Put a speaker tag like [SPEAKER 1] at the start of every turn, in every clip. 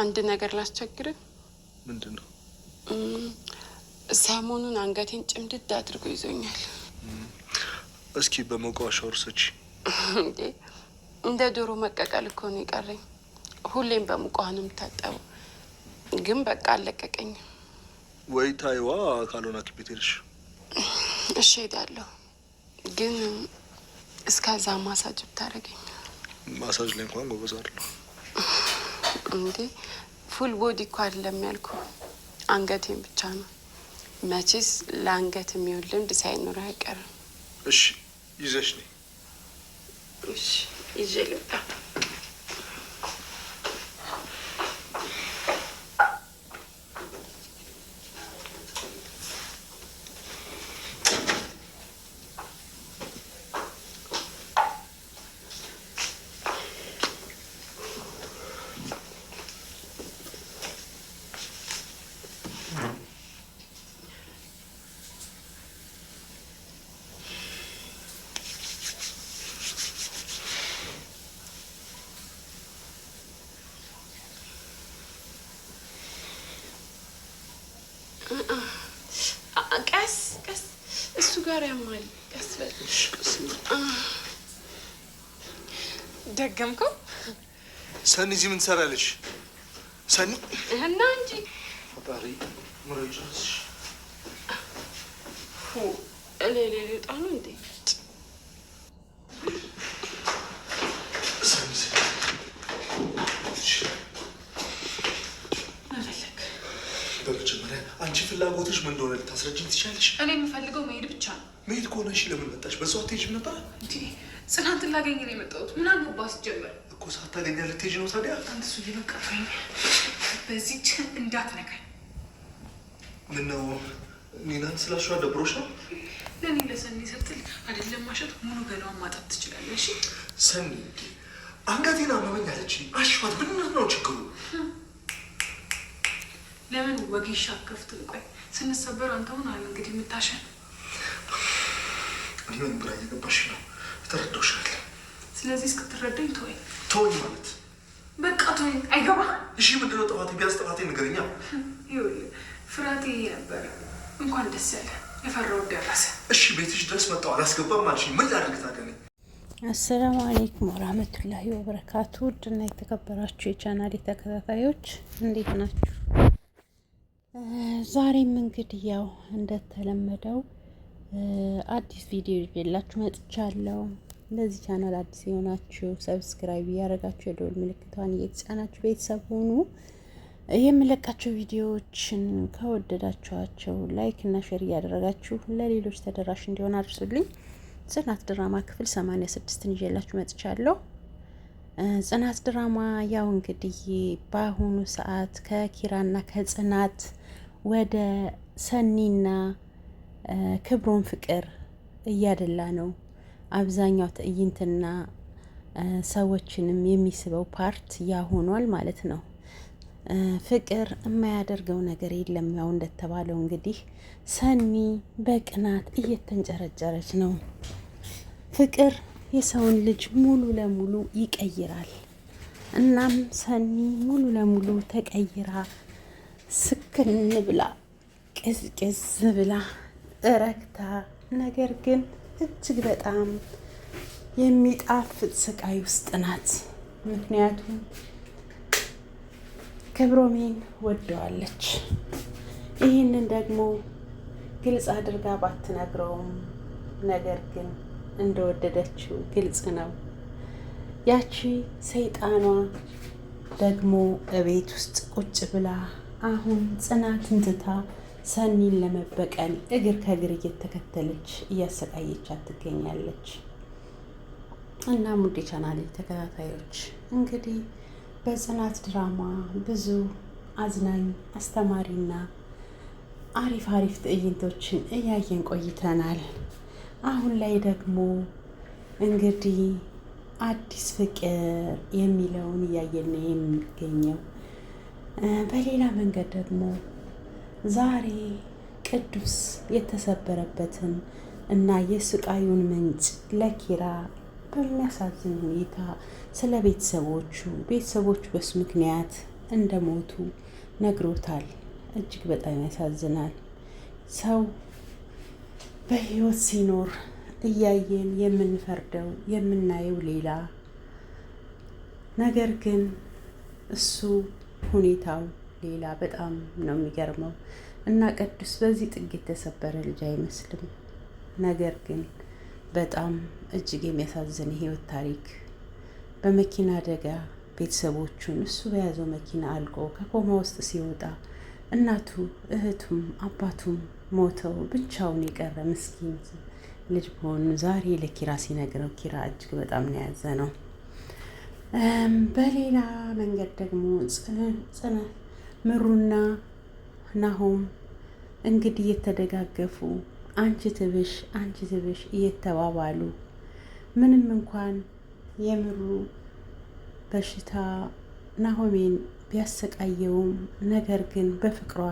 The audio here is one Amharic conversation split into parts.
[SPEAKER 1] አንድ ነገር ላስቸግር። ምንድን ነው? ሰሞኑን አንገቴን ጭምድድ አድርጎ ይዞኛል።
[SPEAKER 2] እስኪ በሞቃዋሻ ውርሶች
[SPEAKER 1] እንደ ዶሮ መቀቀል እኮ ነው የቀረኝ። ሁሌም በሙቀዋ ነው የምታጠበው፣ ግን በቃ አለቀቀኝ?
[SPEAKER 2] ወይ ታይዋ ካልሆነ ኪቤት ሄደሽ
[SPEAKER 1] እሺ፣ ሄዳለሁ። ግን እስከዛ ማሳጅ ብታደርገኝ።
[SPEAKER 2] ማሳጅ ላይ እንኳን ጎበዝ
[SPEAKER 1] እንዴ ፉል ቦዲ እኮ አይደለም ያልኩ አንገቴን ብቻ ነው። መቼስ ለአንገት የሚውል ልምድ ሳይኖር አይቀርም።
[SPEAKER 2] እሺ ይዘሽ ነኝ።
[SPEAKER 1] እሺ ይዤ ልምጣ። ቀስ ቀስ እሱ ጋር ያማል። ቀስ ደገምከው።
[SPEAKER 2] ሰኒ እዚህ ምን ትሰራለሽ? ሰኒ እና እንጂ ፈጣሪ ምረጫሽ
[SPEAKER 1] ሌሌ ጣኑ እንዴ
[SPEAKER 2] ምን እንደሆነ ልታስረጅኝ ትችላለሽ?
[SPEAKER 1] እኔ የምፈልገው መሄድ ብቻ ነው።
[SPEAKER 2] መሄድ ከሆነ እሺ፣ ለምን መጣሽ? በሰው አትሄጂም ነበረ?
[SPEAKER 1] ጽናትን ላገኝ ነው የመጣሁት። ምን አገባህ? ሲጀመር
[SPEAKER 2] እኮ ሳታገኛ ልትሄጂ ነው። ታዲያ
[SPEAKER 1] አንተ ሱ እየበቃኝ በዚች እንዳትነካኝ።
[SPEAKER 2] ምነው ኒናን ስላሹ ደብሮሽ ነው?
[SPEAKER 1] ለእኔ ለሰኒ ስትል አይደለም ማሸት ሙሉ ገላዋን ማጠብ
[SPEAKER 2] እሺ ሰኒ አንገቴን አመመኝ አለች። አሸዋት ብንር ነው ችግሩ
[SPEAKER 1] ለምን ወጌሻ ከፍትም? ቆይ ስንሰበር አንተውን አለ እንግዲህ የምታሸን
[SPEAKER 2] ምን ብራ እየገባሽ ነው? ተረዳሻል።
[SPEAKER 1] ስለዚህ እስክትረዳኝ ተወኝ። ተወኝ ማለት በቃ ተወኝ። አይገባ።
[SPEAKER 2] እሺ ምንድን ነው ጥፋቴ? ቢያንስ ጥፋቴ ንገረኛ።
[SPEAKER 1] ይኸውልህ ፍርሃቴ ነበር። እንኳን ደስ ያለ የፈራው ደረሰ።
[SPEAKER 2] እሺ ቤትሽ ድረስ መጣሁ አላስገባም አልሽኝ። ምን ላድርግ ታገኝ
[SPEAKER 3] አሰላሙ አሌይኩም ወራህመቱላሂ ወበረካቱ። ውድና የተከበራችሁ የቻናሌ ተከታታዮች እንዴት ናችሁ? ዛሬም እንግዲህ ያው እንደተለመደው አዲስ ቪዲዮ ይዤላችሁ መጥቻለሁ። ለዚህ ቻናል አዲስ የሆናችሁ ሰብስክራይብ እያደረጋችሁ የደወል ምልክቷን እየተጫናችሁ ቤተሰብ ሆኑ። የምለቃቸው ቪዲዮዎችን ከወደዳችኋቸው ላይክ እና ሼር እያደረጋችሁ ለሌሎች ተደራሽ እንዲሆን አድርሱልኝ። ጽናት ድራማ ክፍል 86ን ይዤላችሁ መጥቻለሁ። ጽናት ድራማ ያው እንግዲህ በአሁኑ ሰዓት ከኪራና ከጽናት ወደ ሰኒና ክብሮን ፍቅር እያደላ ነው። አብዛኛው ትዕይንትና ሰዎችንም የሚስበው ፓርት ያ ሆኗል ማለት ነው። ፍቅር የማያደርገው ነገር የለም። ያው እንደተባለው እንግዲህ ሰኒ በቅናት እየተንጨረጨረች ነው። ፍቅር የሰውን ልጅ ሙሉ ለሙሉ ይቀይራል። እናም ሰኒ ሙሉ ለሙሉ ተቀይራ ስክን ብላ ቅዝቅዝ ብላ እረግታ፣ ነገር ግን እጅግ በጣም የሚጣፍጥ ስቃይ ውስጥ ናት። ምክንያቱም ክብሮሜን ወደዋለች። ይህንን ደግሞ ግልጽ አድርጋ ባትነግረውም ነገር ግን እንደወደደችው ግልጽ ነው። ያቺ ሰይጣኗ ደግሞ እቤት ውስጥ ቁጭ ብላ አሁን ጽናትን ትታ ሰኒን ለመበቀል እግር ከእግር እየተከተለች እያሰቃየቻት ትገኛለች። እና ሙዲ የቻናሌ ተከታታዮች እንግዲህ በጽናት ድራማ ብዙ አዝናኝ አስተማሪና አሪፍ አሪፍ ትዕይንቶችን እያየን ቆይተናል። አሁን ላይ ደግሞ እንግዲህ አዲስ ፍቅር የሚለውን እያየን የሚገኘው። በሌላ መንገድ ደግሞ ዛሬ ቅዱስ የተሰበረበትን እና የስቃዩን ምንጭ ለኪራ በሚያሳዝን ሁኔታ ስለ ቤተሰቦቹ ቤተሰቦቹ በሱ ምክንያት እንደሞቱ ነግሮታል። እጅግ በጣም ያሳዝናል። ሰው በሕይወት ሲኖር እያየን የምንፈርደው የምናየው ሌላ ነገር ግን እሱ ሁኔታው ሌላ በጣም ነው የሚገርመው። እና ቅዱስ በዚህ ጥግ የተሰበረ ልጅ አይመስልም። ነገር ግን በጣም እጅግ የሚያሳዝን የህይወት ታሪክ በመኪና አደጋ ቤተሰቦቹን እሱ በያዘው መኪና አልቆ ከኮማ ውስጥ ሲወጣ እናቱ፣ እህቱም አባቱም ሞተው ብቻውን የቀረ ምስኪን ልጅ በሆኑ ዛሬ ለኪራ ሲነግረው ኪራ እጅግ በጣም ነው ያዘ ነው። በሌላ መንገድ ደግሞ ጽነ ምሩና ናሆም እንግዲህ እየተደጋገፉ አንቺ ትብሽ አንቺ ትብሽ እየተባባሉ ምንም እንኳን የምሩ በሽታ ናሆሜን ቢያሰቃየውም ነገር ግን በፍቅሯ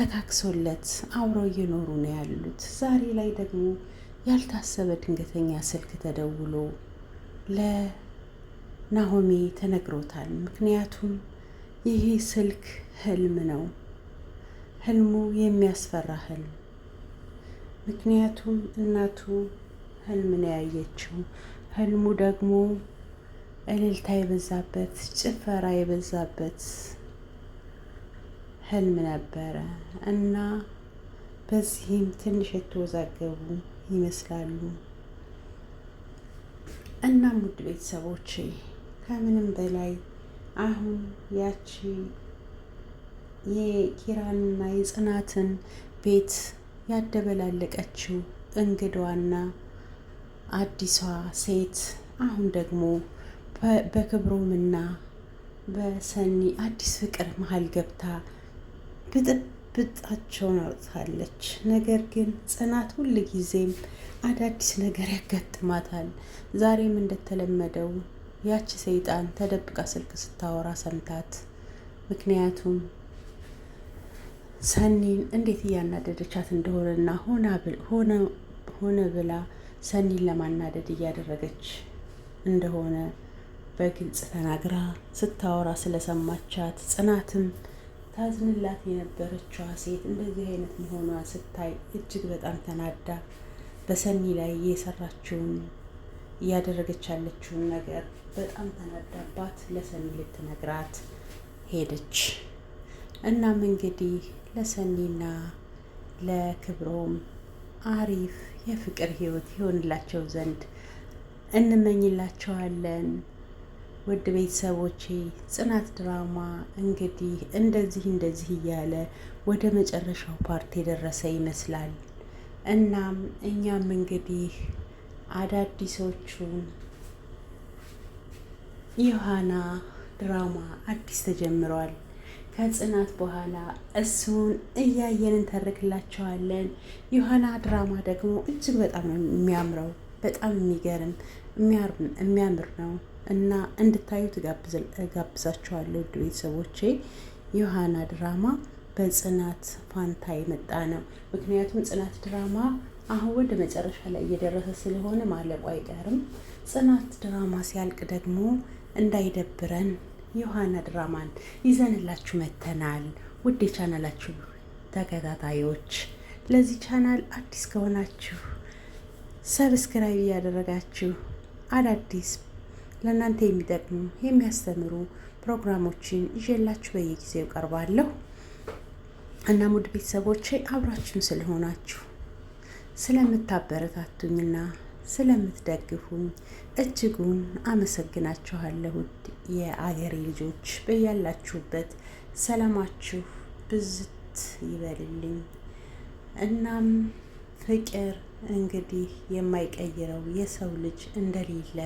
[SPEAKER 3] ተካክሶለት አብረው እየኖሩ ነው ያሉት። ዛሬ ላይ ደግሞ ያልታሰበ ድንገተኛ ስልክ ተደውሎ ለ ናሆሚ ተነግሮታል። ምክንያቱም ይህ ስልክ ህልም ነው። ህልሙ የሚያስፈራ ህልም ምክንያቱም እናቱ ህልም ነው ያየችው። ህልሙ ደግሞ እልልታ የበዛበት ጭፈራ የበዛበት ህልም ነበረ እና በዚህም ትንሽ የተወዛገቡ ይመስላሉ። እናም ውድ ቤተሰቦቼ ከምንም በላይ አሁን ያቺ የኪራንና የጽናትን ቤት ያደበላለቀችው እንግዷና አዲሷ ሴት አሁን ደግሞ በክብሮምና በሰኒ አዲስ ፍቅር መሀል ገብታ ብጥብጣቸውን አውጥታለች። ነገር ግን ጽናት ሁል ጊዜም አዳዲስ ነገር ያጋጥማታል። ዛሬም እንደተለመደው ያቺ ሰይጣን ተደብቃ ስልክ ስታወራ ሰምታት፣ ምክንያቱም ሰኒን እንዴት እያናደደቻት እንደሆነና ሆነ ብላ ሰኒን ለማናደድ እያደረገች እንደሆነ በግልጽ ተናግራ ስታወራ ስለሰማቻት ጽናትን ታዝንላት የነበረችዋ ሴት እንደዚህ አይነት መሆኗ ስታይ እጅግ በጣም ተናዳ በሰኒ ላይ የሰራችውን እያደረገች ያለችውን ነገር በጣም ተናዳባት ለሰኒ ልትነግራት ሄደች። እናም እንግዲህ ለሰኒና ለክብሮም አሪፍ የፍቅር ህይወት ይሆንላቸው ዘንድ እንመኝላቸዋለን። ውድ ቤተሰቦቼ ጽናት ድራማ እንግዲህ እንደዚህ እንደዚህ እያለ ወደ መጨረሻው ፓርት የደረሰ ይመስላል። እናም እኛም እንግዲህ አዳዲሶቹን ዮሐና ድራማ አዲስ ተጀምሯል። ከጽናት በኋላ እሱን እያየን እንተርክላቸዋለን። ዮሃና ድራማ ደግሞ እጅግ በጣም ነው የሚያምረው። በጣም የሚገርም የሚያምር ነው እና እንድታዩት ጋብዛቸዋለሁ። ውድ ቤተሰቦቼ ዮሃና ድራማ በጽናት ፋንታ የመጣ ነው። ምክንያቱም ጽናት ድራማ አሁን ወደ መጨረሻ ላይ እየደረሰ ስለሆነ ማለቁ አይቀርም። ጽናት ድራማ ሲያልቅ ደግሞ እንዳይደብረን ዮሐና ድራማን ይዘንላችሁ መተናል። ውድ የቻናላችሁ ተከታታዮች ለዚህ ቻናል አዲስ ከሆናችሁ ሰብስክራይብ እያደረጋችሁ አዳዲስ ለእናንተ የሚጠቅሙ የሚያስተምሩ ፕሮግራሞችን ይዤላችሁ በየጊዜው ቀርባለሁ። እና ውድ ቤተሰቦቼ አብራችሁን ስለሆናችሁ ስለምታበረታቱኝና ስለምትደግፉኝ እጅጉን አመሰግናችኋለሁ። የአገሬ ልጆች በያላችሁበት ሰላማችሁ ብዝት ይበልልኝ። እናም ፍቅር እንግዲህ የማይቀይረው የሰው ልጅ እንደሌለ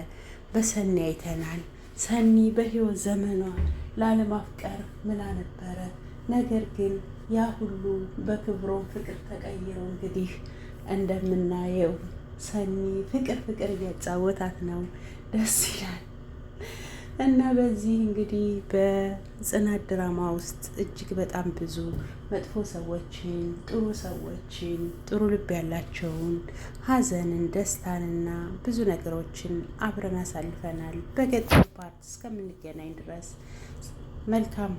[SPEAKER 3] በሰኒ አይተናል። ሰኒ በህይወት ዘመኗ ላለማፍቀር ምላ ነበረ። ነገር ግን ያ ሁሉ በክብሮም ፍቅር ተቀይሮ እንግዲህ እንደምናየው ሰኒ ፍቅር ፍቅር እያጫወታት ነው። ደስ ይላል። እና በዚህ እንግዲህ በጽናት ድራማ ውስጥ እጅግ በጣም ብዙ መጥፎ ሰዎችን፣ ጥሩ ሰዎችን፣ ጥሩ ልብ ያላቸውን ሀዘንን፣ ደስታንና ብዙ ነገሮችን አብረን አሳልፈናል። በገጠር ፓርት እስከምንገናኝ ድረስ መልካም